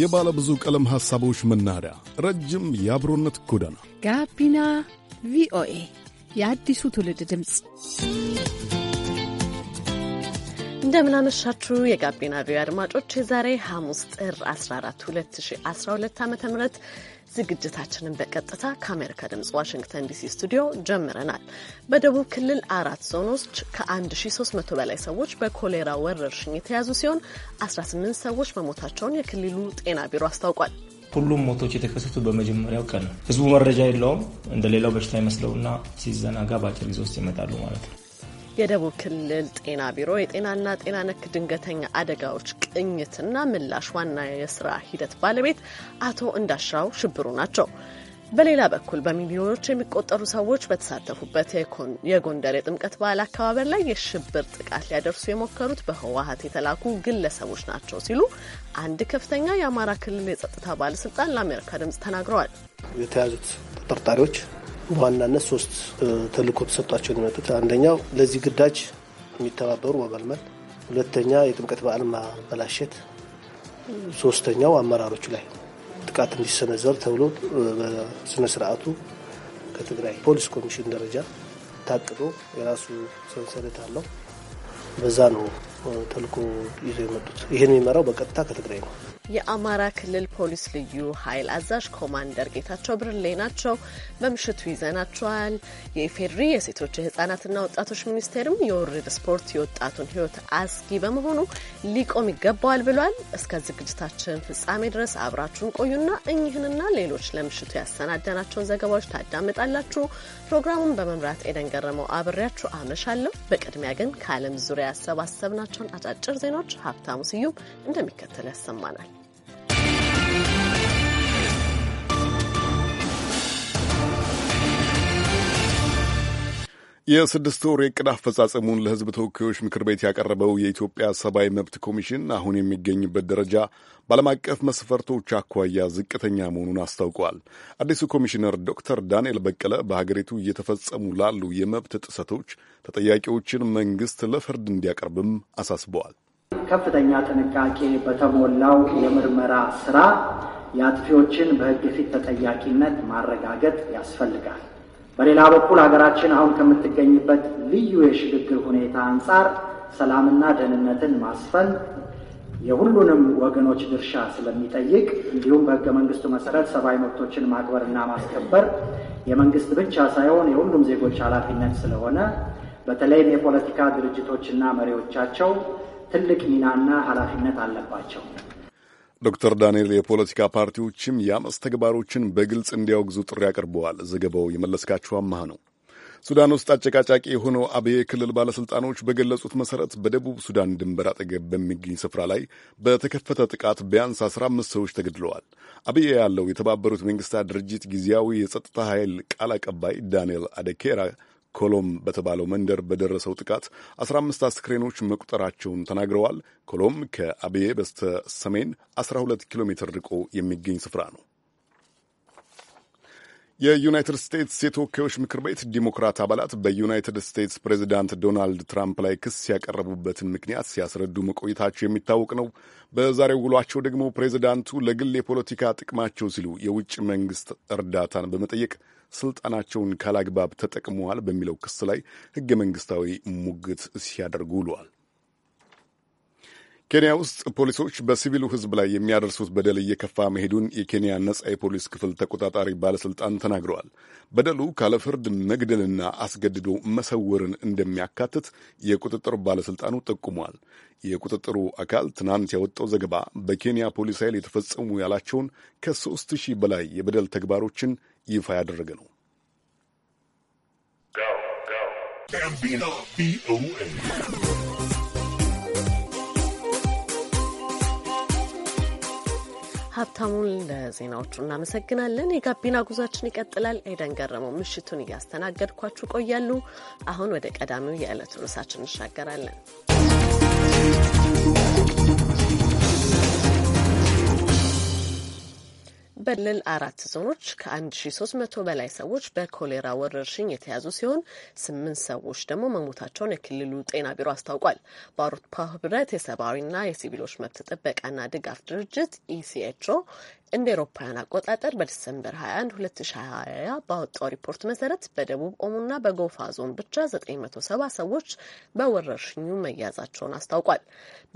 የባለ ብዙ ቀለም ሐሳቦች መናኸሪያ፣ ረጅም የአብሮነት ጎዳና፣ ጋቢና ቪኦኤ የአዲሱ ትውልድ ድምፅ። እንደምናመሻችሁ የጋቢና ቪኦኤ አድማጮች፣ የዛሬ ሐሙስ ጥር 14 2012 ዓ ም ዝግጅታችንን በቀጥታ ከአሜሪካ ድምጽ ዋሽንግተን ዲሲ ስቱዲዮ ጀምረናል። በደቡብ ክልል አራት ዞኖች ከ1300 በላይ ሰዎች በኮሌራ ወረርሽኝ የተያዙ ሲሆን 18 ሰዎች መሞታቸውን የክልሉ ጤና ቢሮ አስታውቋል። ሁሉም ሞቶች የተከሰቱ በመጀመሪያው ቀን ነው። ህዝቡ መረጃ የለውም። እንደሌላው በሽታ ይመስለውና ሲዘናጋ በአጭር ጊዜ ውስጥ ይመጣሉ ማለት ነው። የደቡብ ክልል ጤና ቢሮ የጤናና ጤና ነክ ድንገተኛ አደጋዎች ቅኝትና ምላሽ ዋና የስራ ሂደት ባለቤት አቶ እንዳሻው ሽብሩ ናቸው። በሌላ በኩል በሚሊዮኖች የሚቆጠሩ ሰዎች በተሳተፉበት የጎንደር የጥምቀት በዓል አከባበር ላይ የሽብር ጥቃት ሊያደርሱ የሞከሩት በህወሀት የተላኩ ግለሰቦች ናቸው ሲሉ አንድ ከፍተኛ የአማራ ክልል የጸጥታ ባለስልጣን ለአሜሪካ ድምጽ ተናግረዋል። የተያዙት ተጠርጣሪዎች በዋናነት ሶስት ተልእኮ ተሰጧቸው የመጡት አንደኛው ለዚህ ግዳጅ የሚተባበሩ መመልመል፣ ሁለተኛ የጥምቀት በዓል ማበላሸት፣ ሶስተኛው አመራሮቹ ላይ ጥቃት እንዲሰነዘር ተብሎ በስነ ስርዓቱ ከትግራይ ፖሊስ ኮሚሽን ደረጃ ታቅዶ የራሱ ሰንሰለት አለው። በዛ ነው ተልእኮ ይዘው የመጡት። ይህን የሚመራው በቀጥታ ከትግራይ ነው። የአማራ ክልል ፖሊስ ልዩ ኃይል አዛዥ ኮማንደር ጌታቸው ብርሌ ናቸው። በምሽቱ ይዘናቸዋል። የኢፌድሪ የሴቶች የህጻናትና ወጣቶች ሚኒስቴርም የውርርድ ስፖርት የወጣቱን ህይወት አስጊ በመሆኑ ሊቆም ይገባዋል ብሏል። እስከ ዝግጅታችን ፍጻሜ ድረስ አብራችሁን ቆዩና እኚህንና ሌሎች ለምሽቱ ያሰናዳናቸውን ዘገባዎች ታዳምጣላችሁ። ፕሮግራሙን በመምራት ኤደን ገረመው አብሬያችሁ አመሻለሁ። በቅድሚያ ግን ከዓለም ዙሪያ ያሰባሰብናቸውን አጫጭር ዜናዎች ሀብታሙ ስዩም እንደሚከተል ያሰማናል። የስድስት ወር የቅድ አፈጻጸሙን ለሕዝብ ተወካዮች ምክር ቤት ያቀረበው የኢትዮጵያ ሰብአዊ መብት ኮሚሽን አሁን የሚገኝበት ደረጃ በዓለም አቀፍ መስፈርቶች አኳያ ዝቅተኛ መሆኑን አስታውቀዋል። አዲሱ ኮሚሽነር ዶክተር ዳንኤል በቀለ በሀገሪቱ እየተፈጸሙ ላሉ የመብት ጥሰቶች ተጠያቂዎችን መንግሥት ለፍርድ እንዲያቀርብም አሳስበዋል። ከፍተኛ ጥንቃቄ በተሞላው የምርመራ ስራ የአጥፊዎችን በህግ ፊት ተጠያቂነት ማረጋገጥ ያስፈልጋል። በሌላ በኩል ሀገራችን አሁን ከምትገኝበት ልዩ የሽግግር ሁኔታ አንጻር ሰላምና ደህንነትን ማስፈን የሁሉንም ወገኖች ድርሻ ስለሚጠይቅ እንዲሁም በህገ መንግስቱ መሰረት ሰብአዊ መብቶችን ማክበር እና ማስከበር የመንግስት ብቻ ሳይሆን የሁሉም ዜጎች ኃላፊነት ስለሆነ በተለይም የፖለቲካ ድርጅቶችና መሪዎቻቸው ትልቅ ሚናና ኃላፊነት አለባቸው። ዶክተር ዳንኤል የፖለቲካ ፓርቲዎችም የአመፅ ተግባሮችን በግልጽ እንዲያወግዙ ጥሪ አቅርበዋል። ዘገባው የመለስካቸው አማሃ ነው። ሱዳን ውስጥ አጨቃጫቂ የሆነው አብዬ ክልል ባለሥልጣኖች በገለጹት መሠረት በደቡብ ሱዳን ድንበር አጠገብ በሚገኝ ስፍራ ላይ በተከፈተ ጥቃት ቢያንስ 15 ሰዎች ተገድለዋል። አብየ ያለው የተባበሩት መንግሥታት ድርጅት ጊዜያዊ የጸጥታ ኃይል ቃል አቀባይ ዳንኤል አደኬራ ኮሎም በተባለው መንደር በደረሰው ጥቃት 15 አስክሬኖች መቁጠራቸውን ተናግረዋል። ኮሎም ከአብዬ በስተ ሰሜን 12 ኪሎ ሜትር ርቆ የሚገኝ ስፍራ ነው። የዩናይትድ ስቴትስ የተወካዮች ምክር ቤት ዲሞክራት አባላት በዩናይትድ ስቴትስ ፕሬዚዳንት ዶናልድ ትራምፕ ላይ ክስ ያቀረቡበትን ምክንያት ሲያስረዱ መቆየታቸው የሚታወቅ ነው። በዛሬው ውሏቸው ደግሞ ፕሬዚዳንቱ ለግል የፖለቲካ ጥቅማቸው ሲሉ የውጭ መንግስት እርዳታን በመጠየቅ ስልጣናቸውን ካላግባብ ተጠቅመዋል በሚለው ክስ ላይ ህገ መንግስታዊ ሙግት ሲያደርጉ ውሏል። ኬንያ ውስጥ ፖሊሶች በሲቪሉ ሕዝብ ላይ የሚያደርሱት በደል እየከፋ መሄዱን የኬንያ ነጻ የፖሊስ ክፍል ተቆጣጣሪ ባለሥልጣን ተናግረዋል። በደሉ ካለፍርድ መግደልና አስገድዶ መሰወርን እንደሚያካትት የቁጥጥር ባለሥልጣኑ ጠቁሟል። የቁጥጥሩ አካል ትናንት ያወጣው ዘገባ በኬንያ ፖሊስ ኃይል የተፈጸሙ ያላቸውን ከሦስት ሺህ በላይ የበደል ተግባሮችን ይፋ ያደረገ ነው። ቪኦኤ ሀብታሙን ለዜናዎቹ እናመሰግናለን። የጋቢና ጉዟችን ይቀጥላል። ኤደን ገረመው ምሽቱን እያስተናገድኳችሁ ቆያሉ። አሁን ወደ ቀዳሚው የዕለቱ ርዕሳችን እንሻገራለን። በክልል አራት ዞኖች ከ1300 በላይ ሰዎች በኮሌራ ወረርሽኝ የተያዙ ሲሆን ስምንት ሰዎች ደግሞ መሞታቸውን የክልሉ ጤና ቢሮ አስታውቋል። በአውሮፓ ህብረት የሰብአዊና የሲቪሎች መብት ጥበቃና ድጋፍ ድርጅት ኢሲኤችኦ እንደ ኤሮፓውያን አቆጣጠር በዲሰምበር 21 2020 ባወጣው ሪፖርት መሰረት በደቡብ ኦሞና በጎፋ ዞን ብቻ 970 ሰዎች በወረርሽኙ መያዛቸውን አስታውቋል።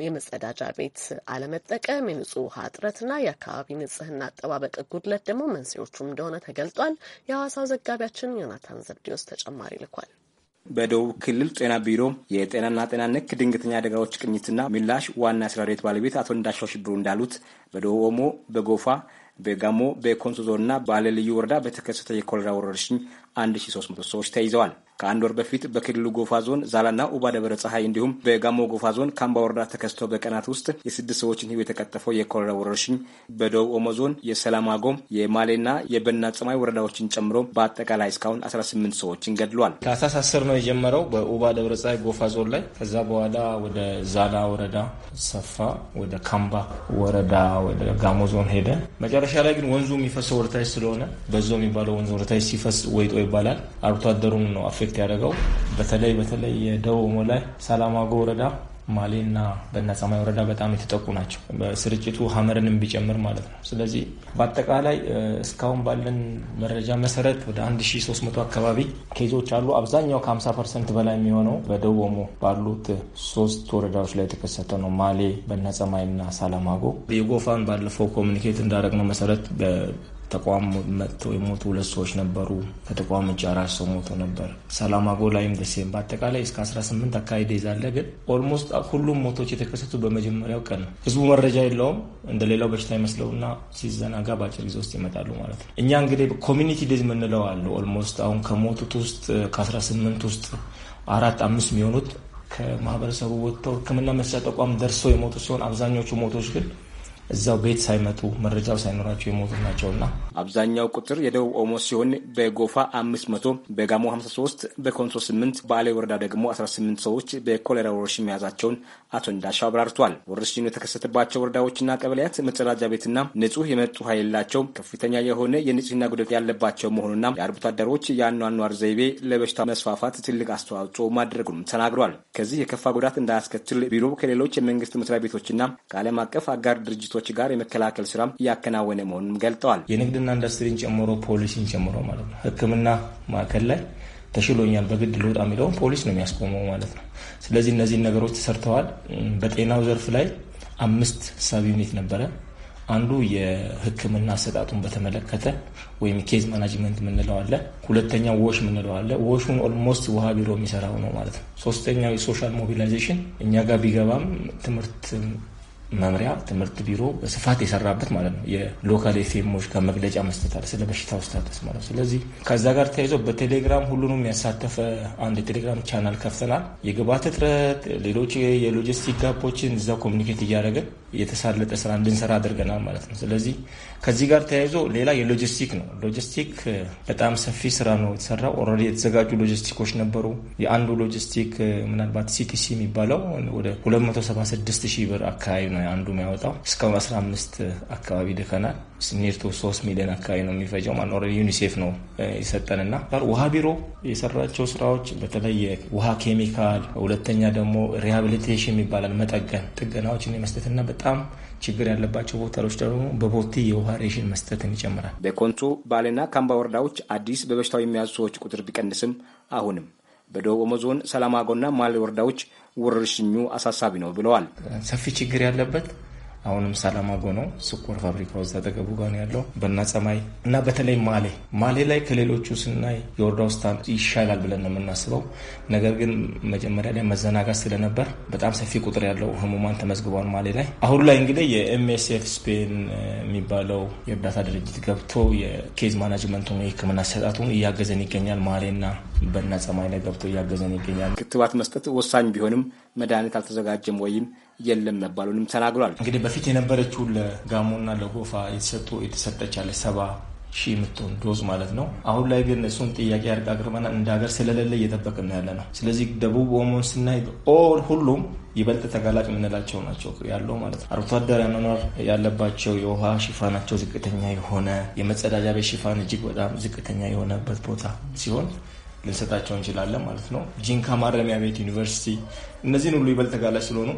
የመጸዳጃ ቤት አለመጠቀም፣ የንጹህ ውሃ እጥረትና የአካባቢ ንጽህና አጠባበቅ ጉድለት ደግሞ መንስኤዎቹም እንደሆነ ተገልጧል። የሐዋሳው ዘጋቢያችን ዮናታን ዘብዲዮስ ተጨማሪ ልኳል። በደቡብ ክልል ጤና ቢሮ የጤናና ጤና ነክ ድንገተኛ አደጋዎች ቅኝትና ምላሽ ዋና ስራ ቤት ባለቤት አቶ እንዳሻው ሽብሩ እንዳሉት በደቡብ ኦሞ፣ በጎፋ፣ በጋሞ፣ በኮንሶ ዞንና በአለ ወረዳ በተከሰተ የኮሌራ ወረርሽኝ 1300 ሰዎች ተይዘዋል። ከአንድ ወር በፊት በክልሉ ጎፋ ዞን ዛላና ኡባ ደብረ ፀሐይ እንዲሁም በጋሞ ጎፋ ዞን ካምባ ወረዳ ተከስቶ በቀናት ውስጥ የስድስት ሰዎችን ህይወት የተቀጠፈው የኮሌራ ወረርሽኝ በደቡብ ኦሞ ዞን የሰላማጎም የማሌና የበና ጽማይ ወረዳዎችን ጨምሮ በአጠቃላይ እስካሁን 18 ሰዎችን ገድሏል። ታህሳስ 10 ነው የጀመረው በኡባ ደብረ ፀሐይ ጎፋ ዞን ላይ። ከዛ በኋላ ወደ ዛላ ወረዳ ሰፋ፣ ወደ ካምባ ወረዳ፣ ወደ ጋሞ ዞን ሄደ። መጨረሻ ላይ ግን ወንዙ የሚፈሰው ወደታች ስለሆነ በዞ የሚባለው ወንዝ ወደታች ሲፈስ ወይጦ ይባላል። አርብቶ አደሩም ነው አፌክት ያደረገው በተለይ በተለይ የደቡብ ኦሞ ላይ ሳላማጎ ወረዳ ማሌና እና ጻማይ ወረዳ በጣም የተጠቁ ናቸው። ስርጭቱ ሀመርንም ቢጨምር ማለት ነው። ስለዚህ በአጠቃላይ እስካሁን ባለን መረጃ መሰረት ወደ 1300 አካባቢ ኬዞች አሉ። አብዛኛው ከ50 ፐርሰንት በላይ የሚሆነው በደቡብ ኦሞ ባሉት ሶስት ወረዳዎች ላይ የተከሰተ ነው። ማሌ፣ በና እና ሳላማጎ የጎፋን ባለፈው ኮሚኒኬት እንዳደረግነው መሰረት ተቋም መጥተው የሞቱ ሁለት ሰዎች ነበሩ። ከተቋም እጅ አራት ሰው ሞቶ ነበር። ሰላም አጎ ላይም ደሴም በአጠቃላይ እስከ 18 አካባቢ ይዛለ። ግን ኦልሞስት ሁሉም ሞቶች የተከሰቱ በመጀመሪያው ቀን ነው። ህዝቡ መረጃ የለውም። እንደሌላው በሽታ ይመስለውና ሲዘናጋ በአጭር ጊዜ ውስጥ ይመጣሉ ማለት ነው። እኛ እንግዲህ ኮሚኒቲ ዴዝ የምንለው አለ። ኦልሞስት አሁን ከሞቱት ውስጥ ከ18 ውስጥ አራት አምስት የሚሆኑት ከማህበረሰቡ ወጥተው ሕክምና መስጫ ተቋም ደርሰው የሞቱ ሲሆን አብዛኞቹ ሞቶች ግን እዛው ቤት ሳይመጡ መረጃው ሳይኖራቸው የሞቱ ናቸውና አብዛኛው ቁጥር የደቡብ ኦሞ ሲሆን በጎፋ አምስት መቶ በጋሞ ሀምሳ ሶስት በኮንሶ ስምንት በአሌ ወረዳ ደግሞ አስራ ስምንት ሰዎች በኮሌራ ወረርሽኝ መያዛቸውን አቶ እንዳሻው አብራርቷል። ወረርሽኙ የተከሰተባቸው ወረዳዎችና ቀበሌያት መጸዳጃ ቤትና ንጹህ የመጡ ውሃ የሌላቸው ከፍተኛ የሆነ የንጽህና ጉደት ያለባቸው መሆኑና የአርብቶ አደሮች የአኗኗር ዘይቤ ለበሽታ መስፋፋት ትልቅ አስተዋጽኦ ማድረጉንም ተናግሯል። ከዚህ የከፋ ጉዳት እንዳያስከትል ቢሮ ከሌሎች የመንግስት መስሪያ ቤቶችና ከዓለም አቀፍ አጋር ድርጅቶች ድርጅቶች ጋር የመከላከል ስራም እያከናወነ መሆኑን ገልጠዋል። የንግድና ኢንዱስትሪን ጨምሮ ፖሊሲን ጨምሮ ማለት ነው ሕክምና ማዕከል ላይ ተሽሎኛል በግድ ልውጣ የሚለውን ፖሊስ ነው የሚያስቆመው ማለት ነው። ስለዚህ እነዚህን ነገሮች ተሰርተዋል። በጤናው ዘርፍ ላይ አምስት ሳብ ዩኒት ነበረ። አንዱ የህክምና አሰጣጡን በተመለከተ ወይም ኬዝ ማናጅመንት የምንለው አለ። ሁለተኛው ዎሽ የምንለው አለ። ዎሹን ኦልሞስት ውሃ ቢሮ የሚሰራው ነው ማለት ነው። ሶስተኛው የሶሻል ሞቢላይዜሽን እኛ ጋር ቢገባም ትምህርት መምሪያ ትምህርት ቢሮ በስፋት የሰራበት ማለት ነው። የሎካል ኤፍኤሞች ጋር መግለጫ መስጠታል ስለ በሽታው ስታተስ ማለት ነው። ስለዚህ ከዛ ጋር ተያይዞ በቴሌግራም ሁሉንም ያሳተፈ አንድ የቴሌግራም ቻናል ከፍተናል። የግባት እጥረት፣ ሌሎች የሎጂስቲክ ጋፖችን እዛ ኮሚኒኬት እያደረገን የተሳለጠ ስራ እንድንሰራ አድርገናል ማለት ነው። ስለዚህ ከዚህ ጋር ተያይዞ ሌላ የሎጂስቲክ ነው። ሎጂስቲክ በጣም ሰፊ ስራ ነው የተሰራው። ኦልሬዲ የተዘጋጁ ሎጂስቲኮች ነበሩ። የአንዱ ሎጂስቲክ ምናልባት ሲቲሲ የሚባለው ወደ 276 ሺህ ብር አካባቢ ነው ነው አንዱ የሚያወጣው እስካሁን 15 አካባቢ ልከናል። ኒርቱ 3 ሚሊዮን አካባቢ ነው የሚፈጀው። ማኖረ ዩኒሴፍ ነው የሰጠንና ውሃ ቢሮ የሰራቸው ስራዎች በተለይ ውሃ ኬሚካል፣ ሁለተኛ ደግሞ ሪሃብሊቴሽን የሚባላል መጠገን ጥገናዎችን የመስጠትና በጣም ችግር ያለባቸው ቦታዎች ደግሞ በቦቲ የውሃ ሬሽን መስጠትን ይጨምራል። በኮንሶ ባሌና ካምባ ወረዳዎች አዲስ በበሽታው የሚያዙ ሰዎች ቁጥር ቢቀንስም አሁንም በደቡብ ኦሞ ዞን ሰላማጎና ማሌ ወረዳዎች ወረርሽኙ አሳሳቢ ነው ብለዋል። ሰፊ ችግር ያለበት አሁንም ሰላማጎ ነው። ስኳር ፋብሪካ ውስጥ አጠገቡ ጋር ነው ያለው። በና ጸማይ እና በተለይ ማሌ ማሌ ላይ ከሌሎቹ ስናይ የወረዳ ውስጥ ይሻላል ብለን ነው የምናስበው። ነገር ግን መጀመሪያ ላይ መዘናጋት ስለነበር በጣም ሰፊ ቁጥር ያለው ህሙማን ተመዝግቧል ማሌ ላይ። አሁን ላይ እንግዲህ የኤምኤስኤፍ ስፔን የሚባለው የእርዳታ ድርጅት ገብቶ የኬዝ ማናጅመንቱን የህክምና አሰጣጡን እያገዘን ይገኛል ማሌና በና ሰማይ ላይ ገብቶ እያገዘን ይገኛል። ክትባት መስጠት ወሳኝ ቢሆንም መድኃኒት አልተዘጋጀም ወይም የለም መባሉንም ተናግሯል። እንግዲህ በፊት የነበረችው ለጋሞና ለጎፋ የተሰጡ የተሰጠች ያለ ሰባ ሺህ የምትሆን ዶዝ ማለት ነው። አሁን ላይ ግን እሱን ጥያቄ ያርቅ አቅርበናል እንደ ሀገር ስለሌለ እየጠበቅን ያለ ነው። ስለዚህ ደቡብ ኦሞን ስናይ ኦል ሁሉም ይበልጥ ተጋላጭ የምንላቸው ናቸው ያለው ማለት ነው። አርብቶ አደር መኖር ያለባቸው የውሃ ሽፋናቸው ዝቅተኛ የሆነ የመጸዳጃ ቤት ሽፋን እጅግ በጣም ዝቅተኛ የሆነበት ቦታ ሲሆን ልንሰጣቸው እንችላለን ማለት ነው። ጂንካ ማረሚያ ቤት ዩኒቨርሲቲ እነዚህን ሁሉ ይበልጥ ተጋላጭ ስለሆኑ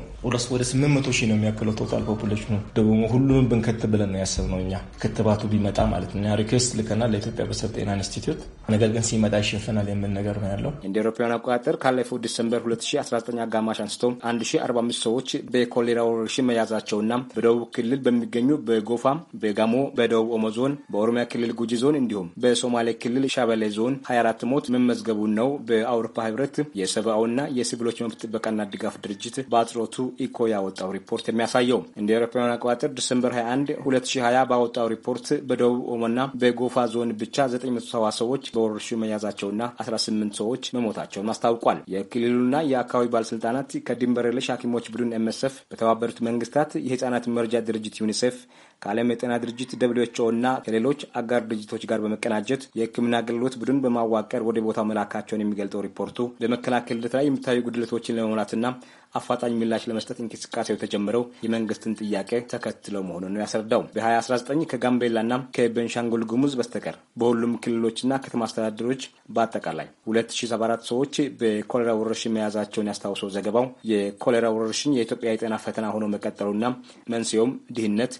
ወደ ስምንት መቶ ሺህ ነው የሚያክለው ቶታል ፖፑሌሽኑ ደግሞ ሁሉንም ብንከት ብለን ነው ያሰብነው እኛ ክትባቱ ቢመጣ ማለት ነው። ሪኩዌስት ልከናል ለኢትዮጵያ ህብረተሰብ ጤና ኢንስቲትዩት፣ ነገር ግን ሲመጣ ይሸፈናል የምን ነገር ነው ያለው። እንደ አውሮፓውያን አቆጣጠር ካለፈው ዲሰምበር 2019 አጋማሽ አንስቶ 1045 ሰዎች በኮሌራ ወረርሽኝ መያዛቸውና በደቡብ ክልል በሚገኙ በጎፋ በጋሞ በደቡብ ኦሞ ዞን በኦሮሚያ ክልል ጉጂ ዞን እንዲሁም በሶማሌ ክልል ሻበሌ ዞን 24 ሞት መመዝገቡን ነው በአውሮፓ ህብረት የሰብአውና የሲቪሎች መብት ጥበቃ ጥበቃና ድጋፍ ድርጅት በአጽሮቱ ኢኮ ያወጣው ሪፖርት የሚያሳየው እንደ አውሮፓውያን አቆጣጠር ዲሰምበር 21 2020 ባወጣው ሪፖርት በደቡብ ኦሞና በጎፋ ዞን ብቻ 970 ሰዎች በወረርሽኙ መያዛቸውና 18 ሰዎች መሞታቸውን አስታውቋል። የክልሉና የአካባቢ ባለስልጣናት ከድንበር የለሽ ሐኪሞች ቡድን ኤምኤስኤፍ፣ በተባበሩት መንግስታት የህጻናት መርጃ ድርጅት ዩኒሴፍ ከዓለም የጤና ድርጅት ደብሊውኤችኦ እና ከሌሎች አጋር ድርጅቶች ጋር በመቀናጀት የሕክምና አገልግሎት ቡድን በማዋቀር ወደ ቦታው መላካቸውን የሚገልጠው ሪፖርቱ በመከላከል ሂደት ላይ የሚታዩ ጉድለቶችን ለመሙላትና አፋጣኝ ምላሽ ለመስጠት እንቅስቃሴው የተጀመረው የመንግስትን ጥያቄ ተከትለው መሆኑን ነው ያስረዳው። በ2019 ከጋምቤላና ከቤንሻንጉል ጉሙዝ በስተቀር በሁሉም ክልሎችና ከተማ አስተዳደሮች በአጠቃላይ 2074 ሰዎች በኮሌራ ወረርሽኝ መያዛቸውን ያስታውሰው ዘገባው የኮሌራ ወረርሽኝ የኢትዮጵያ የጤና ፈተና ሆኖ መቀጠሉና መንስኤውም ድህነት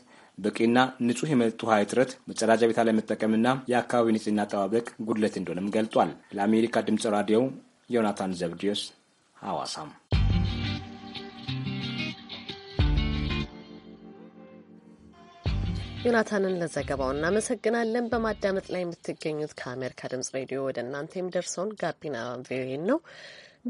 በቂና ንጹህ የመጠጥ ውሃ እጥረት፣ መጸዳጃ ቤት አለመጠቀምና የአካባቢ ንጽህና አጠባበቅ ጉድለት እንደሆነም ገልጧል። ለአሜሪካ ድምፅ ራዲዮ ዮናታን ዘብዲዮስ ሐዋሳም ዮናታንን ለዘገባው እናመሰግናለን። በማዳመጥ ላይ የምትገኙት ከአሜሪካ ድምጽ ሬዲዮ ወደ እናንተ የሚደርሰውን ጋቢና ቪኦኤ ነው።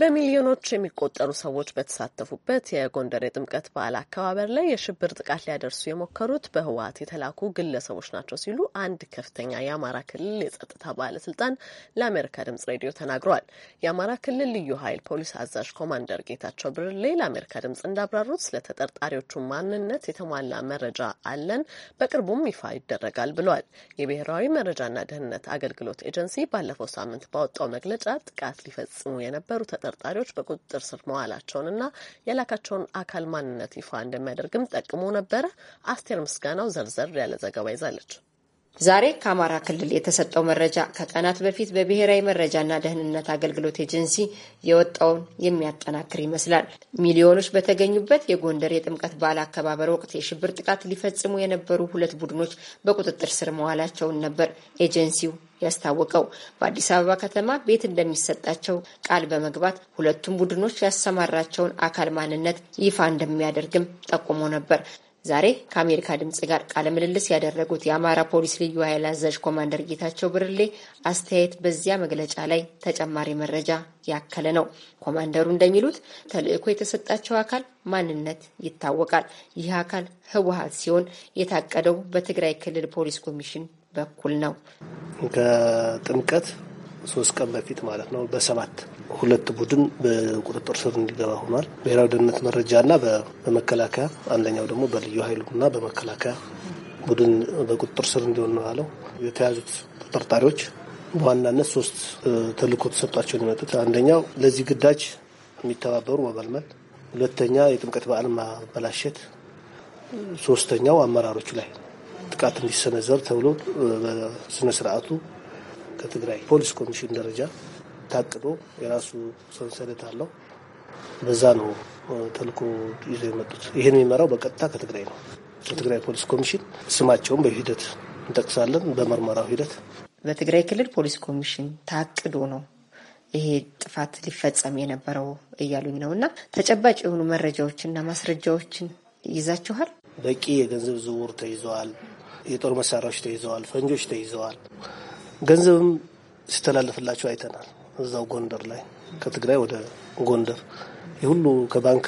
በሚሊዮኖች የሚቆጠሩ ሰዎች በተሳተፉበት የጎንደር የጥምቀት በዓል አከባበር ላይ የሽብር ጥቃት ሊያደርሱ የሞከሩት በህወሀት የተላኩ ግለሰቦች ናቸው ሲሉ አንድ ከፍተኛ የአማራ ክልል የጸጥታ ባለስልጣን ለአሜሪካ ድምጽ ሬዲዮ ተናግረዋል። የአማራ ክልል ልዩ ኃይል ፖሊስ አዛዥ ኮማንደር ጌታቸው ብርሌ ለአሜሪካ ድምጽ እንዳብራሩት ስለ ተጠርጣሪዎቹ ማንነት የተሟላ መረጃ አለን፣ በቅርቡም ይፋ ይደረጋል ብለዋል። የብሔራዊ መረጃና ደህንነት አገልግሎት ኤጀንሲ ባለፈው ሳምንት ባወጣው መግለጫ ጥቃት ሊፈጽሙ የነበሩ ተጠርጣሪዎች በቁጥጥር ስር መዋላቸውንና የላካቸውን አካል ማንነት ይፋ እንደሚያደርግም ጠቅሞ ነበረ። አስቴር ምስጋናው ዘርዘር ያለ ዘገባ ይዛለች። ዛሬ ከአማራ ክልል የተሰጠው መረጃ ከቀናት በፊት በብሔራዊ መረጃና ደህንነት አገልግሎት ኤጀንሲ የወጣውን የሚያጠናክር ይመስላል። ሚሊዮኖች በተገኙበት የጎንደር የጥምቀት በዓል አከባበር ወቅት የሽብር ጥቃት ሊፈጽሙ የነበሩ ሁለት ቡድኖች በቁጥጥር ስር መዋላቸውን ነበር ኤጀንሲው ያስታወቀው። በአዲስ አበባ ከተማ ቤት እንደሚሰጣቸው ቃል በመግባት ሁለቱም ቡድኖች ያሰማራቸውን አካል ማንነት ይፋ እንደሚያደርግም ጠቁሞ ነበር። ዛሬ ከአሜሪካ ድምጽ ጋር ቃለ ምልልስ ያደረጉት የአማራ ፖሊስ ልዩ ኃይል አዛዥ ኮማንደር ጌታቸው ብርሌ አስተያየት በዚያ መግለጫ ላይ ተጨማሪ መረጃ ያከለ ነው። ኮማንደሩ እንደሚሉት ተልዕኮ የተሰጣቸው አካል ማንነት ይታወቃል። ይህ አካል ህወሀት ሲሆን የታቀደው በትግራይ ክልል ፖሊስ ኮሚሽን በኩል ነው። ከጥምቀት ሶስት ቀን በፊት ማለት ነው በሰባት ሁለት ቡድን በቁጥጥር ስር እንዲገባ ሆኗል። ብሔራዊ ደህንነት መረጃና በመከላከያ አንደኛው ደግሞ በልዩ ኃይሉና በመከላከያ ቡድን በቁጥጥር ስር እንዲሆን ነው ያለው። የተያዙት ተጠርጣሪዎች በዋናነት ሶስት ተልእኮ ተሰጧቸውን ይመጡት አንደኛው ለዚህ ግዳጅ የሚተባበሩ መመልመል፣ ሁለተኛ የጥምቀት በዓል ማበላሸት፣ ሶስተኛው አመራሮቹ ላይ ጥቃት እንዲሰነዘር ተብሎ በስነ ስርዓቱ ከትግራይ ፖሊስ ኮሚሽን ደረጃ ታቅዶ የራሱ ሰንሰለት አለው። በዛ ነው ተልኮ ይዘው የመጡት። ይህን የሚመራው በቀጥታ ከትግራይ ነው፣ ከትግራይ ፖሊስ ኮሚሽን። ስማቸውን በሂደት እንጠቅሳለን፣ በምርመራው ሂደት። በትግራይ ክልል ፖሊስ ኮሚሽን ታቅዶ ነው ይሄ ጥፋት ሊፈጸም የነበረው እያሉኝ ነው። እና ተጨባጭ የሆኑ መረጃዎችና ማስረጃዎችን ይዛችኋል? በቂ የገንዘብ ዝውውር ተይዘዋል። የጦር መሳሪያዎች ተይዘዋል፣ ፈንጆች ተይዘዋል፣ ገንዘብም ሲተላለፍላቸው አይተናል። እዛው ጎንደር ላይ ከትግራይ ወደ ጎንደር የሁሉ ከባንክ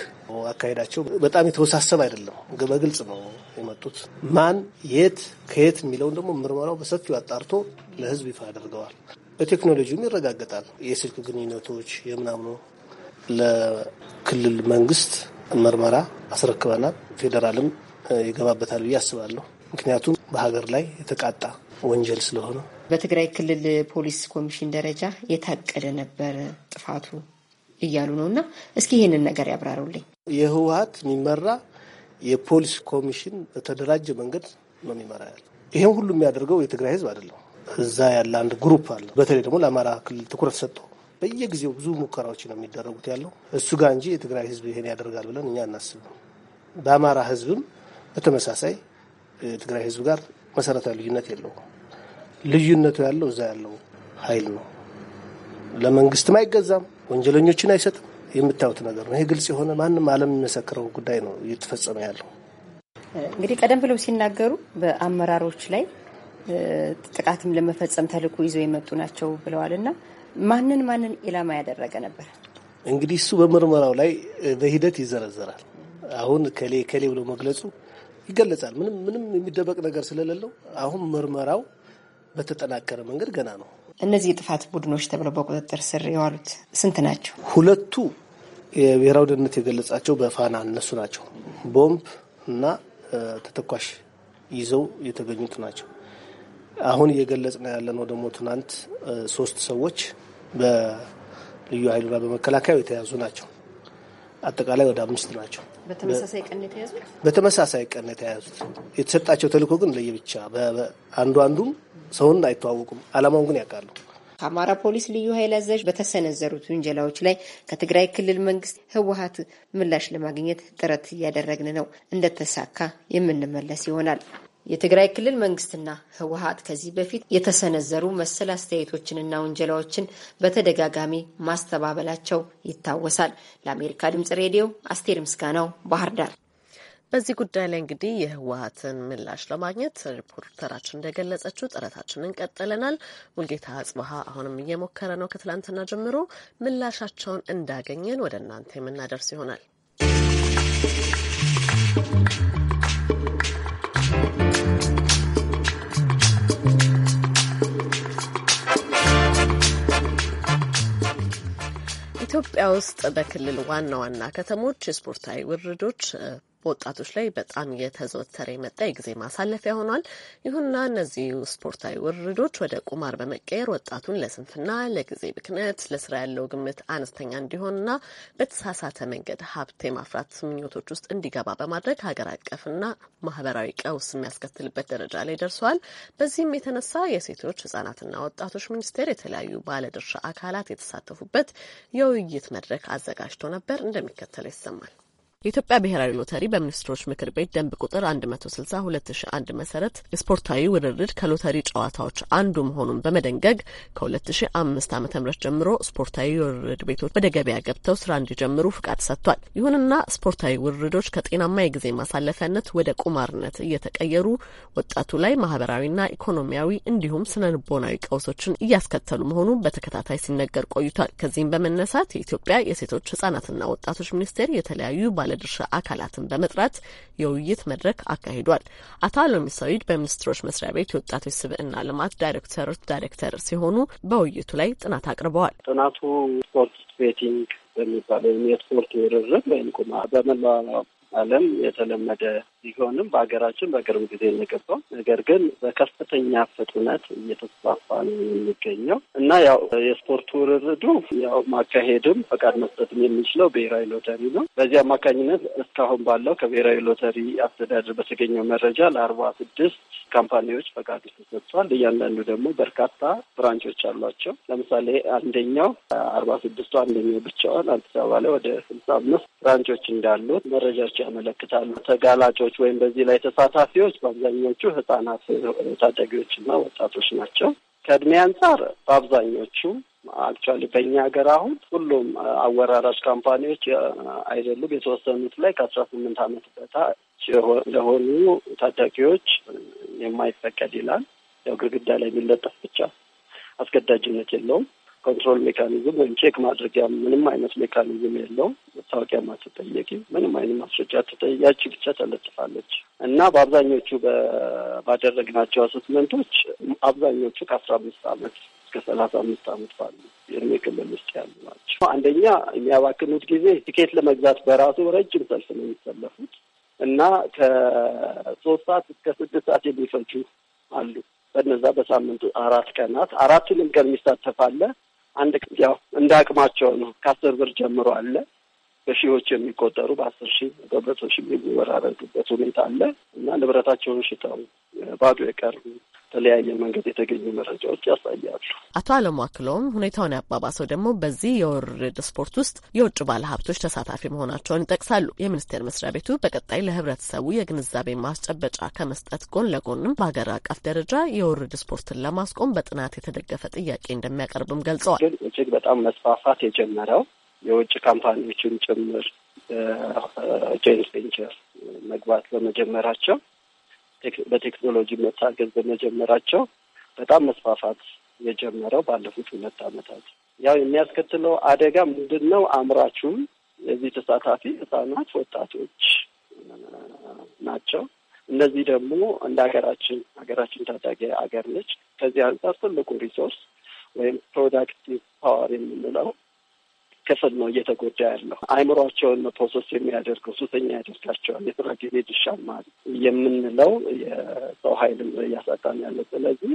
አካሄዳቸው በጣም የተወሳሰብ አይደለም፣ በግልጽ ነው የመጡት። ማን የት ከየት የሚለውን ደግሞ ምርመራው በሰፊው አጣርቶ ለህዝብ ይፋ ያደርገዋል። በቴክኖሎጂውም ይረጋገጣል። የስልክ ግንኙነቶች የምናምኑ ለክልል መንግስት ምርመራ አስረክበናል። ፌዴራልም ይገባበታል ብዬ አስባለሁ። ምክንያቱም በሀገር ላይ የተቃጣ ወንጀል ስለሆነ በትግራይ ክልል ፖሊስ ኮሚሽን ደረጃ የታቀደ ነበር ጥፋቱ እያሉ ነው። እና እስኪ ይህንን ነገር ያብራሩልኝ። የህወሀት የሚመራ የፖሊስ ኮሚሽን በተደራጀ መንገድ ነው የሚመራ ያለ። ይሄም ሁሉ የሚያደርገው የትግራይ ህዝብ አይደለም። እዛ ያለ አንድ ግሩፕ አለ። በተለይ ደግሞ ለአማራ ክልል ትኩረት ሰጠው በየጊዜው ብዙ ሙከራዎች ነው የሚደረጉት ያለው እሱ ጋር እንጂ የትግራይ ህዝብ ይሄን ያደርጋል ብለን እኛ አናስብም። በአማራ ህዝብም በተመሳሳይ የትግራይ ህዝብ ጋር መሰረታዊ ልዩነት የለው። ልዩነቱ ያለው እዛ ያለው ኃይል ነው። ለመንግስትም አይገዛም፣ ወንጀለኞችን አይሰጥም። የምታዩት ነገር ነው። ይሄ ግልጽ የሆነ ማንም ዓለም የሚመሰክረው ጉዳይ ነው እየተፈጸመ ያለው። እንግዲህ ቀደም ብለው ሲናገሩ በአመራሮች ላይ ጥቃትም ለመፈጸም ተልዕኮ ይዘው የመጡ ናቸው ብለዋል እና ማንን ማንን ኢላማ ያደረገ ነበር? እንግዲህ እሱ በምርመራው ላይ በሂደት ይዘረዘራል። አሁን ከሌ ከሌ ብሎ መግለጹ ይገለጻል። ምንም ምንም የሚደበቅ ነገር ስለሌለው አሁን ምርመራው በተጠናከረ መንገድ ገና ነው። እነዚህ የጥፋት ቡድኖች ተብለው በቁጥጥር ስር የዋሉት ስንት ናቸው? ሁለቱ የብሔራዊ ደህንነት የገለጻቸው በፋና እነሱ ናቸው። ቦምብ እና ተተኳሽ ይዘው የተገኙት ናቸው። አሁን እየገለጽ ነው ያለነው ደግሞ ትናንት ሶስት ሰዎች በልዩ ኃይሉና በመከላከያው የተያዙ ናቸው። አጠቃላይ ወደ አምስት ናቸው። በተመሳሳይ ቀን የተያዙት በተመሳሳይ ቀን የተሰጣቸው ተልእኮ ግን ለየብቻ አንዱ አንዱም ሰውን አይተዋወቁም። አላማውን ግን ያውቃሉ። ከአማራ ፖሊስ ልዩ ኃይል አዛዥ በተሰነዘሩት ውንጀላዎች ላይ ከትግራይ ክልል መንግስት ህወሀት ምላሽ ለማግኘት ጥረት እያደረግን ነው። እንደተሳካ የምንመለስ ይሆናል። የትግራይ ክልል መንግስትና ህወሀት ከዚህ በፊት የተሰነዘሩ መሰል አስተያየቶችንና ውንጀላዎችን በተደጋጋሚ ማስተባበላቸው ይታወሳል። ለአሜሪካ ድምጽ ሬዲዮ አስቴር ምስጋናው ባህር ዳር። በዚህ ጉዳይ ላይ እንግዲህ የህወሀትን ምላሽ ለማግኘት ሪፖርተራችን እንደገለጸችው ጥረታችንን ቀጥለናል። ሙልጌታ አጽበሀ አሁንም እየሞከረ ነው። ከትላንትና ጀምሮ ምላሻቸውን እንዳገኘን ወደ እናንተ የምናደርስ ይሆናል። ኢትዮጵያ ውስጥ በክልል ዋና ዋና ከተሞች የስፖርታዊ ውርዶች በወጣቶች ላይ በጣም የተዘወተረ የመጣ የጊዜ ማሳለፊያ ሆኗል። ይሁንና እነዚህ ስፖርታዊ ውርዶች ወደ ቁማር በመቀየር ወጣቱን ለስንፍና፣ ለጊዜ ብክነት፣ ለስራ ያለው ግምት አነስተኛ እንዲሆንና በተሳሳተ መንገድ ሀብት የማፍራት ምኞቶች ውስጥ እንዲገባ በማድረግ ሀገር አቀፍና ማህበራዊ ቀውስ የሚያስከትልበት ደረጃ ላይ ደርሰዋል። በዚህም የተነሳ የሴቶች ህጻናትና ወጣቶች ሚኒስቴር የተለያዩ ባለድርሻ አካላት የተሳተፉበት የውይይት መድረክ አዘጋጅቶ ነበር። እንደሚከተለው ይሰማል። የኢትዮጵያ ብሔራዊ ሎተሪ በሚኒስትሮች ምክር ቤት ደንብ ቁጥር 160 2001 መሰረት የስፖርታዊ ውድድር ከሎተሪ ጨዋታዎች አንዱ መሆኑን በመደንገግ ከ2005 ዓ ም ጀምሮ ስፖርታዊ ውርርድ ቤቶች ወደ ገበያ ገብተው ስራ እንዲጀምሩ ፍቃድ ሰጥቷል። ይሁንና ስፖርታዊ ውርርዶች ከጤናማ የጊዜ ማሳለፊያነት ወደ ቁማርነት እየተቀየሩ ወጣቱ ላይ ማህበራዊና ኢኮኖሚያዊ እንዲሁም ስነ ልቦናዊ ቀውሶችን እያስከተሉ መሆኑ በተከታታይ ሲነገር ቆይቷል። ከዚህም በመነሳት የኢትዮጵያ የሴቶች ህጻናትና ወጣቶች ሚኒስቴር የተለያዩ ባ ባለድርሻ አካላትን በመጥራት የውይይት መድረክ አካሂዷል። አቶ አለሚ ሰይድ በሚኒስትሮች መስሪያ ቤት የወጣቶች ስብዕና ልማት ዳይሬክተር ዳይሬክተር ሲሆኑ በውይይቱ ላይ ጥናት አቅርበዋል። ጥናቱ ስፖርት ቤቲንግ በሚባለው የስፖርት ውርርብ ወይም ቁማ በመላ ዓለም የተለመደ ቢሆንም በሀገራችን በቅርብ ጊዜ የገባው ነገር ግን በከፍተኛ ፍጥነት እየተስፋፋ ነው የሚገኘው እና ያው የስፖርት ውርርዱ ያው ማካሄድም ፈቃድ መስጠትም የሚችለው ብሔራዊ ሎተሪ ነው። በዚህ አማካኝነት እስካሁን ባለው ከብሔራዊ ሎተሪ አስተዳደር በተገኘው መረጃ ለአርባ ስድስት ካምፓኒዎች ፈቃድ ተሰጥቷል። እያንዳንዱ ደግሞ በርካታ ብራንቾች አሏቸው። ለምሳሌ አንደኛው አርባ ስድስቱ አንደኛው ብቻዋን አዲስ አበባ ላይ ወደ ስልሳ አምስት ብራንቾች እንዳሉት መረጃዎች ያመለክታሉ። ተጋላጮ ተሳታፊዎች ወይም በዚህ ላይ ተሳታፊዎች በአብዛኞቹ ህጻናት፣ ታዳጊዎች እና ወጣቶች ናቸው። ከእድሜ አንጻር በአብዛኞቹ አክቹዋሊ በእኛ ሀገር አሁን ሁሉም አወራራሽ ካምፓኒዎች አይደሉም። የተወሰኑት ላይ ከአስራ ስምንት ዓመት በታች ለሆኑ ታዳጊዎች የማይፈቀድ ይላል። ያው ግድግዳ ላይ የሚለጠፍ ብቻ አስገዳጅነት የለውም። ኮንትሮል ሜካኒዝም ወይም ቼክ ማድረጊያ ምንም አይነት ሜካኒዝም የለውም። መታወቂያ አትጠየቂ፣ ምንም አይነት ማስረጃ ትጠያች ብቻ ተለጥፋለች እና በአብዛኞቹ ባደረግናቸው አሰስመንቶች አብዛኞቹ ከአስራ አምስት ዓመት እስከ ሰላሳ አምስት ዓመት ባሉ የእድሜ ክልል ውስጥ ያሉ ናቸው። አንደኛ የሚያባክኑት ጊዜ ቲኬት ለመግዛት በራሱ ረጅም ሰልፍ ነው የሚሰለፉት እና ከሶስት ሰዓት እስከ ስድስት ሰዓት የሚፈጁ አሉ። በነዛ በሳምንቱ አራት ቀናት አራቱንም ቀን የሚሳተፍ አለ። አንድ ያው እንደ አቅማቸው ነው። ከአስር ብር ጀምሮ አለ። በሺዎች የሚቆጠሩ በአስር ሺ በሁለት ሺህ የሚወራረዱበት ሁኔታ አለ እና ንብረታቸውን ሽጠው ባዶ የቀሩ በተለያየ መንገድ የተገኙ መረጃዎች ያሳያሉ። አቶ አለሙ አክለውም ሁኔታውን ያባባሰው ደግሞ በዚህ የውርርድ ስፖርት ውስጥ የውጭ ባለሀብቶች ተሳታፊ መሆናቸውን ይጠቅሳሉ። የሚኒስቴር መስሪያ ቤቱ በቀጣይ ለህብረተሰቡ የግንዛቤ ማስጨበጫ ከመስጠት ጎን ለጎንም በሀገር አቀፍ ደረጃ የውርርድ ስፖርትን ለማስቆም በጥናት የተደገፈ ጥያቄ እንደሚያቀርብም ገልጸዋል። ግን እጅግ በጣም መስፋፋት የጀመረው የውጭ ካምፓኒዎችን ጭምር ጆይንት ቬንቸር መግባት በመጀመራቸው በቴክኖሎጂ መታገዝ በመጀመራቸው በጣም መስፋፋት የጀመረው ባለፉት ሁለት ዓመታት። ያው የሚያስከትለው አደጋ ምንድን ነው? አምራቹም የዚህ ተሳታፊ ህጻናት፣ ወጣቶች ናቸው። እነዚህ ደግሞ እንደ ሀገራችን ሀገራችን ታዳጊ ሀገር ነች። ከዚህ አንጻር ትልቁ ሪሶርስ ወይም ፕሮዳክቲቭ ፓወር የምንለው ክፍል ነው እየተጎዳ ያለው። አይምሯቸውን ፕሮሰስ የሚያደርገው ሱሰኛ ያደርጋቸዋል። የስራ ጊዜ ይሻማል የምንለው የሰው ኃይልም እያሳጣን ያለ ስለዚህ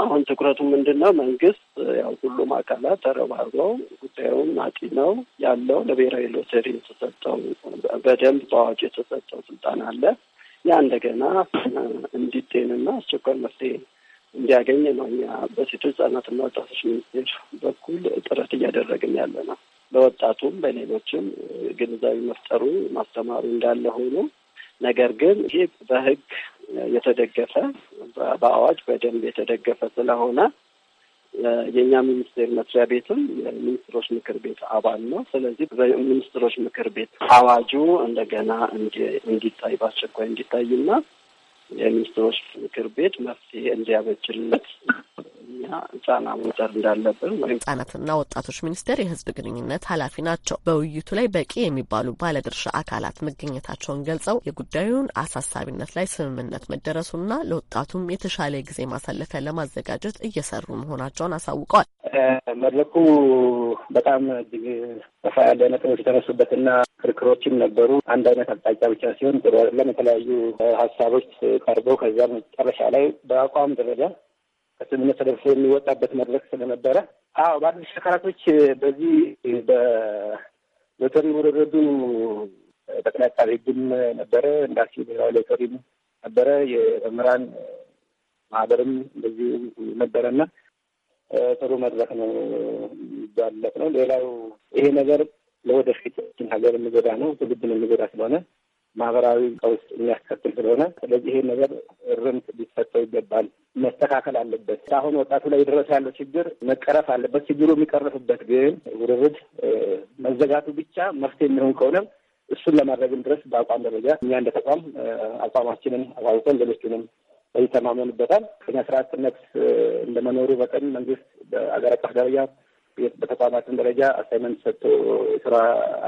አሁን ትኩረቱ ምንድን ነው? መንግስት ያው ሁሉም አካላት ተረባርበው ጉዳዩን ነው ያለው ለብሔራዊ ሎተሪ የተሰጠው በደንብ በአዋጅ የተሰጠው ስልጣን አለ ያ እንደገና እንዲጤንና አስቸኳይ መፍትሄ እንዲያገኝ ነው እኛ በሴቶች ህጻናትና ወጣቶች ሚኒስቴር በኩል ጥረት እያደረግን ያለ ነው። በወጣቱም በሌሎችም ግንዛቤ መፍጠሩ ማስተማሩ እንዳለ ሆኖ ነገር ግን ይሄ በህግ የተደገፈ በአዋጅ በደንብ የተደገፈ ስለሆነ የእኛ ሚኒስቴር መስሪያ ቤትም የሚኒስትሮች ምክር ቤት አባል ነው። ስለዚህ በሚኒስትሮች ምክር ቤት አዋጁ እንደገና እንዲታይ በአስቸኳይ እንዲታይና የሚኒስትሮች ምክር ቤት መፍትሄ እንዲያበጅለት ህጻና መውጠር እንዳለብን ወይም ህጻናትና ወጣቶች ሚኒስቴር የህዝብ ግንኙነት ኃላፊ ናቸው። በውይይቱ ላይ በቂ የሚባሉ ባለድርሻ አካላት መገኘታቸውን ገልጸው የጉዳዩን አሳሳቢነት ላይ ስምምነት መደረሱና ለወጣቱም የተሻለ ጊዜ ማሳለፊያ ለማዘጋጀት እየሰሩ መሆናቸውን አሳውቀዋል። መድረኩ በጣም እጅግ ሰፋ ያለ ነጥቦች የተነሱበትና ክርክሮችም ነበሩ። አንድ አይነት አቅጣጫ ብቻ ሲሆን ጥሩ አይደለም። የተለያዩ ሀሳቦች ቀርበው ከዚያ መጨረሻ ላይ በአቋም ደረጃ ከስምምነት ተደርሶ የሚወጣበት መድረክ ስለነበረ፣ አዎ በአዲስ ተከራቶች በዚህ በሎተሪ ውርርዱ ጠቅላይ አቃቤ ሕግም ነበረ፣ እንዳሲ ብሔራዊ ሎተሪም ነበረ፣ የመምህራን ማህበርም እንደዚህ ነበረ ነበረና ጥሩ መድረክ ነው ባለት ነው። ሌላው ይሄ ነገር ለወደፊት ሀገር የሚጎዳ ነው፣ ትውልድን የሚጎዳ ስለሆነ ማህበራዊ ቀውስ የሚያስከትል ስለሆነ ስለዚህ ይሄ ነገር ርምት ሊሰጠው ይገባል፣ መስተካከል አለበት። አሁን ወጣቱ ላይ ድረስ ያለው ችግር መቀረፍ አለበት። ችግሩ የሚቀረፍበት ግን ውርርድ መዘጋቱ ብቻ መፍትሄ የሚሆን ከሆነም እሱን ለማድረግም ድረስ በአቋም ደረጃ እኛ እንደ ተቋም አቋማችንን አዋውቀን ሌሎችንም ይተማመኑበታል። ከኛ ስርዓትነት እንደመኖሩ መጠን መንግስት በአገር አቀፍ ደረጃ በተቋማትን ደረጃ አሳይመንት ሰጥቶ የስራ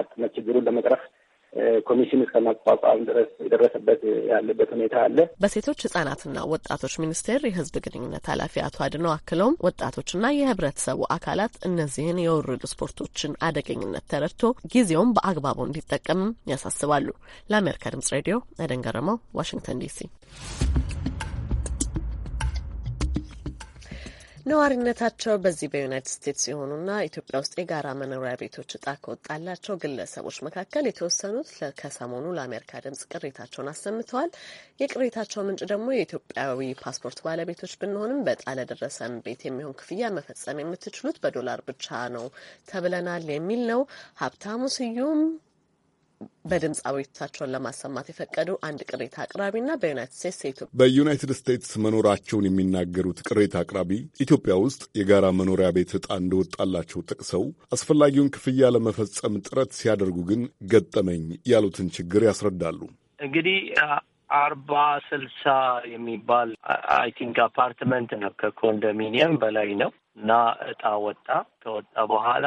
አጥነት ችግሩን ለመቅረፍ ኮሚሽን እስከ ማቋቋም ድረስ የደረሰበት ያለበት ሁኔታ አለ። በሴቶች ህጻናትና ወጣቶች ሚኒስቴር የህዝብ ግንኙነት ኃላፊ አቶ አድነው አክለውም ወጣቶችና የህብረተሰቡ አካላት እነዚህን የውርድ ስፖርቶችን አደገኝነት ተረድቶ ጊዜውም በአግባቡ እንዲጠቀምም ያሳስባሉ። ለአሜሪካ ድምጽ ሬዲዮ አደን ገረመው፣ ዋሽንግተን ዲሲ ነዋሪነታቸው በዚህ በዩናይትድ ስቴትስ የሆኑና ኢትዮጵያ ውስጥ የጋራ መኖሪያ ቤቶች እጣ ከወጣላቸው ግለሰቦች መካከል የተወሰኑት ከሰሞኑ ለአሜሪካ ድምጽ ቅሬታቸውን አሰምተዋል። የቅሬታቸው ምንጭ ደግሞ የኢትዮጵያዊ ፓስፖርት ባለቤቶች ብንሆንም በዕጣ ለደረሰን ቤት የሚሆን ክፍያ መፈጸም የምትችሉት በዶላር ብቻ ነው ተብለናል የሚል ነው። ሀብታሙ ስዩም በድምፅ አቤቱታቸውን ለማሰማት የፈቀዱ አንድ ቅሬታ አቅራቢና በዩናይትድ ስቴትስ በዩናይትድ ስቴትስ መኖራቸውን የሚናገሩት ቅሬታ አቅራቢ ኢትዮጵያ ውስጥ የጋራ መኖሪያ ቤት ዕጣ እንደወጣላቸው ጠቅሰው አስፈላጊውን ክፍያ ለመፈጸም ጥረት ሲያደርጉ ግን ገጠመኝ ያሉትን ችግር ያስረዳሉ። እንግዲህ አርባ ስልሳ የሚባል አይ ቲንክ አፓርትመንት ነው ከኮንዶሚኒየም በላይ ነው እና ዕጣ ወጣ። ከወጣ በኋላ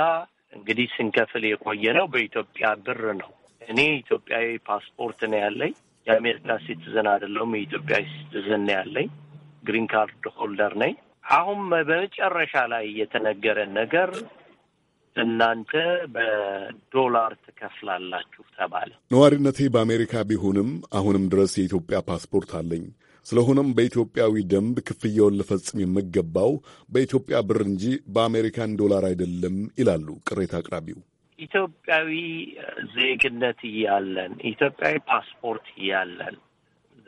እንግዲህ ስንከፍል የቆየ ነው በኢትዮጵያ ብር ነው እኔ ኢትዮጵያዊ ፓስፖርት ነው ያለኝ። የአሜሪካ ሲቲዝን አይደለሁም። የኢትዮጵያ ሲቲዝን ነው ያለኝ። ግሪን ካርድ ሆልደር ነኝ። አሁን በመጨረሻ ላይ የተነገረን ነገር እናንተ በዶላር ትከፍላላችሁ ተባለ። ነዋሪነቴ በአሜሪካ ቢሆንም አሁንም ድረስ የኢትዮጵያ ፓስፖርት አለኝ። ስለሆነም በኢትዮጵያዊ ደንብ ክፍያውን ልፈጽም የምገባው በኢትዮጵያ ብር እንጂ በአሜሪካን ዶላር አይደለም ይላሉ ቅሬታ አቅራቢው። ኢትዮጵያዊ ዜግነት እያለን ኢትዮጵያዊ ፓስፖርት እያለን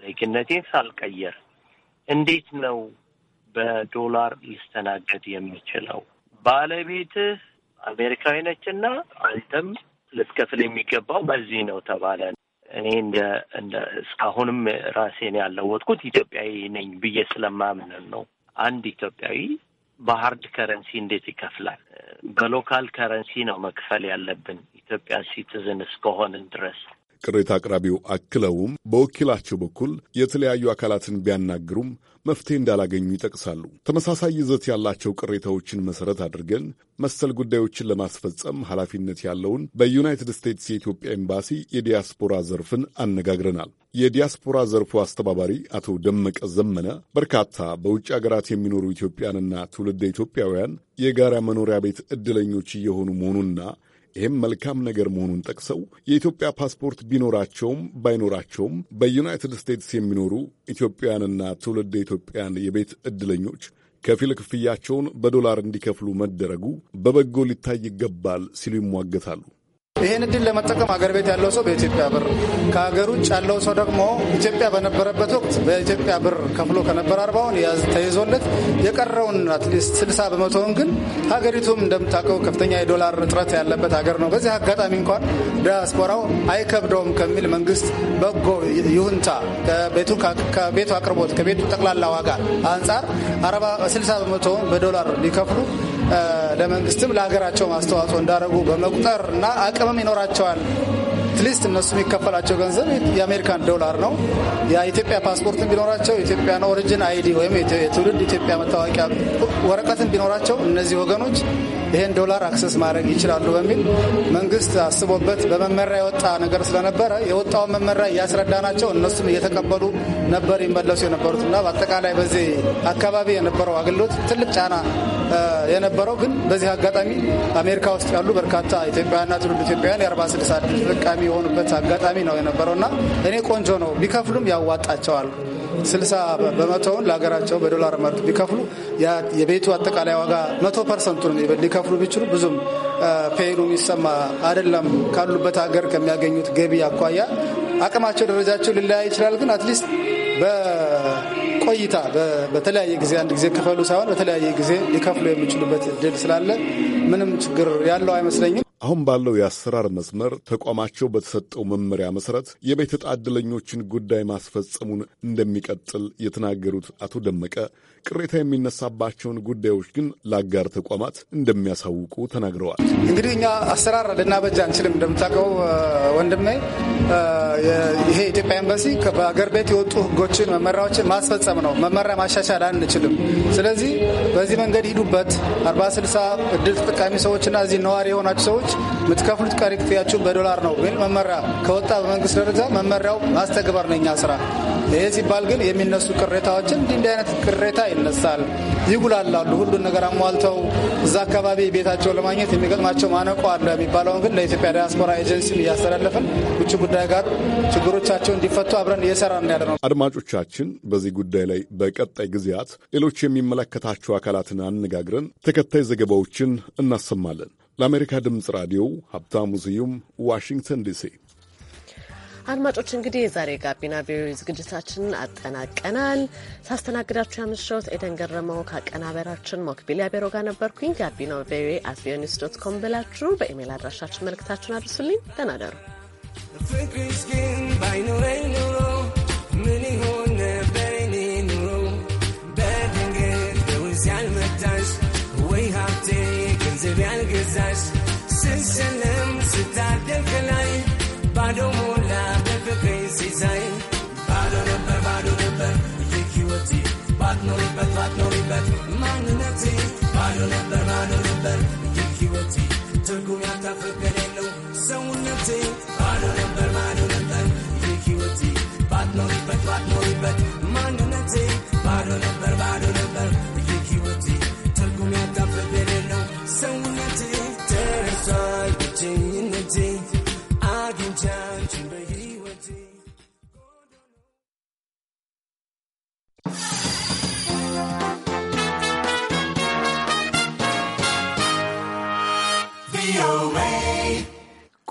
ዜግነቴን ሳልቀየር እንዴት ነው በዶላር ሊስተናገድ የሚችለው? ባለቤትህ አሜሪካዊ ነችና አንተም ልትከፍል የሚገባው በዚህ ነው ተባለ። እኔ እንደ እንደ እስካሁንም ራሴን ያለወጥኩት ኢትዮጵያዊ ነኝ ብዬ ስለማምን ነው። አንድ ኢትዮጵያዊ በሀርድ ከረንሲ እንዴት ይከፍላል? በሎካል ከረንሲ ነው መክፈል ያለብን ኢትዮጵያ ሲቲዝን እስከሆንን ድረስ። ቅሬታ አቅራቢው አክለውም በወኪላቸው በኩል የተለያዩ አካላትን ቢያናግሩም መፍትሄ እንዳላገኙ ይጠቅሳሉ። ተመሳሳይ ይዘት ያላቸው ቅሬታዎችን መሰረት አድርገን መሰል ጉዳዮችን ለማስፈጸም ኃላፊነት ያለውን በዩናይትድ ስቴትስ የኢትዮጵያ ኤምባሲ የዲያስፖራ ዘርፍን አነጋግረናል። የዲያስፖራ ዘርፉ አስተባባሪ አቶ ደመቀ ዘመነ በርካታ በውጭ ሀገራት የሚኖሩ ኢትዮጵያንና ትውልደ ኢትዮጵያውያን የጋራ መኖሪያ ቤት ዕድለኞች እየሆኑ መሆኑና ይህም መልካም ነገር መሆኑን ጠቅሰው የኢትዮጵያ ፓስፖርት ቢኖራቸውም ባይኖራቸውም በዩናይትድ ስቴትስ የሚኖሩ ኢትዮጵያንና ትውልደ ኢትዮጵያን የቤት ዕድለኞች ከፊል ክፍያቸውን በዶላር እንዲከፍሉ መደረጉ በበጎ ሊታይ ይገባል ሲሉ ይሟገታሉ። ይህን እድል ለመጠቀም አገር ቤት ያለው ሰው በኢትዮጵያ ብር፣ ከሀገር ውጭ ያለው ሰው ደግሞ ኢትዮጵያ በነበረበት ወቅት በኢትዮጵያ ብር ከፍሎ ከነበረ አርባውን ተይዞለት የቀረውን አትሊስት ስልሳ በመቶውን ግን ሀገሪቱም እንደምታውቀው ከፍተኛ የዶላር እጥረት ያለበት ሀገር ነው። በዚህ አጋጣሚ እንኳን ዲያስፖራው አይከብደውም ከሚል መንግስት በጎ ይሁንታ ከቤቱ አቅርቦት ከቤቱ ጠቅላላ ዋጋ አንጻር 60 በመቶ በዶላር ሊከፍሉ ለመንግስትም ለሀገራቸው ማስተዋጽኦ እንዳደረጉ በመቁጠር እና አቅምም ይኖራቸዋል። አትሊስት እነሱ የሚከፈላቸው ገንዘብ የአሜሪካን ዶላር ነው። የኢትዮጵያ ፓስፖርትን ቢኖራቸው የኢትዮጵያን ኦሪጅን አይዲ ወይም የትውልድ ኢትዮጵያ መታወቂያ ወረቀትን ቢኖራቸው እነዚህ ወገኖች ይህን ዶላር አክሰስ ማድረግ ይችላሉ በሚል መንግስት አስቦበት በመመሪያ የወጣ ነገር ስለነበረ የወጣውን መመሪያ እያስረዳ ናቸው። እነሱም እየተቀበሉ ነበር ይመለሱ የነበሩት እና በአጠቃላይ በዚህ አካባቢ የነበረው አገልግሎት ትልቅ ጫና የነበረው ግን በዚህ አጋጣሚ አሜሪካ ውስጥ ያሉ በርካታ ኢትዮጵያና ትውልድ ኢትዮጵያውያን የ46 ሰዓት ተጠቃሚ የሆኑበት አጋጣሚ ነው የነበረው እና እኔ ቆንጆ ነው ቢከፍሉም ያዋጣቸዋል። ስልሳ በመቶውን ለሀገራቸው በዶላር መልክ ቢከፍሉ የቤቱ አጠቃላይ ዋጋ መቶ ፐርሰንቱን ሊከፍሉ ቢችሉ ብዙም ፔኑ የሚሰማ አይደለም። ካሉበት ሀገር ከሚያገኙት ገቢ አኳያ አቅማቸው ደረጃቸው ሊለያይ ይችላል። ግን አትሊስት በቆይታ በተለያየ ጊዜ አንድ ጊዜ ክፈሉ ሳይሆን በተለያየ ጊዜ ሊከፍሉ የሚችሉበት እድል ስላለ ምንም ችግር ያለው አይመስለኝም። አሁን ባለው የአሰራር መስመር ተቋማቸው በተሰጠው መመሪያ መሰረት የቤት ዕጣ ዕድለኞችን ጉዳይ ማስፈጸሙን እንደሚቀጥል የተናገሩት አቶ ደመቀ ቅሬታ የሚነሳባቸውን ጉዳዮች ግን ለአጋር ተቋማት እንደሚያሳውቁ ተናግረዋል። እንግዲህ እኛ አሰራር ልናበጃ አንችልም። እንደምታውቀው ወንድሜ ይሄ ኢትዮጵያ ኤምባሲ በአገር ቤት የወጡ ህጎችን መመሪያዎችን ማስፈጸም ነው። መመሪያ ማሻሻል አንችልም። ስለዚህ በዚህ መንገድ ሂዱበት፣ አርባ ስልሳ እድል ተጠቃሚ ሰዎችና እዚህ ነዋሪ የሆናቸው ሰዎች የምትከፍሉት ቀሪ ክፍያችሁ በዶላር ነው ብል መመሪያ ከወጣ በመንግስት ደረጃ መመሪያው ማስተግበር ነው የኛ ስራ። ይህ ሲባል ግን የሚነሱ ቅሬታዎችን እንዲህ አይነት ቅሬታ ይነሳል፣ ይጉላላሉ። ሁሉን ነገር አሟልተው እዛ አካባቢ ቤታቸውን ለማግኘት የሚገጥማቸው ማነቆ አለ የሚባለውን ግን ለኢትዮጵያ ዲያስፖራ ኤጀንሲ እያስተላለፍን ውጭ ጉዳይ ጋር ችግሮቻቸው እንዲፈቱ አብረን እየሰራን ያለ ነው። አድማጮቻችን፣ በዚህ ጉዳይ ላይ በቀጣይ ጊዜያት ሌሎች የሚመለከታቸው አካላትን አነጋግረን ተከታይ ዘገባዎችን እናሰማለን። ለአሜሪካ ድምፅ ራዲዮ ሀብታሙ ስዩም ዋሽንግተን ዲሲ አድማጮች እንግዲህ የዛሬ ጋቢና ቪኦኤ ዝግጅታችንን አጠናቀናል። ሳስተናግዳችሁ ያመሸሁት ኤደን ገረመው ከአቀናበራችን ሞክቢል ያቤሮ ጋር ነበርኩኝ። ጋቢና ቪኦኤ አት ቪኦኤ ኒውስ ዶት ኮም ብላችሁ በኢሜይል አድራሻችን መልእክታችሁን አድርሱልኝ። ደህና ደሩ። ፍቅር ግን ባይኖረኝ ኑሮ ምን ይሆን ነበር እኔ ኑሮ በድንገት ደውስ ያልመጣሽ ወይ ሀብቴ ገንዘብ ያልገዛሽ ባትኖሪበት ባትኖሪበት ማንነቴ ባዶ ነበር ባዶ ነበር ይህ ሕይወቴ ትርጉም ያታፈቀ የለው ሰውነቴ ባዶ ነበር ባዶ ነበር ይህ ሕይወቴ ባትኖሪበት ባትኖሪበት ማንነቴ ባዶ ነበር ባዶ ነበር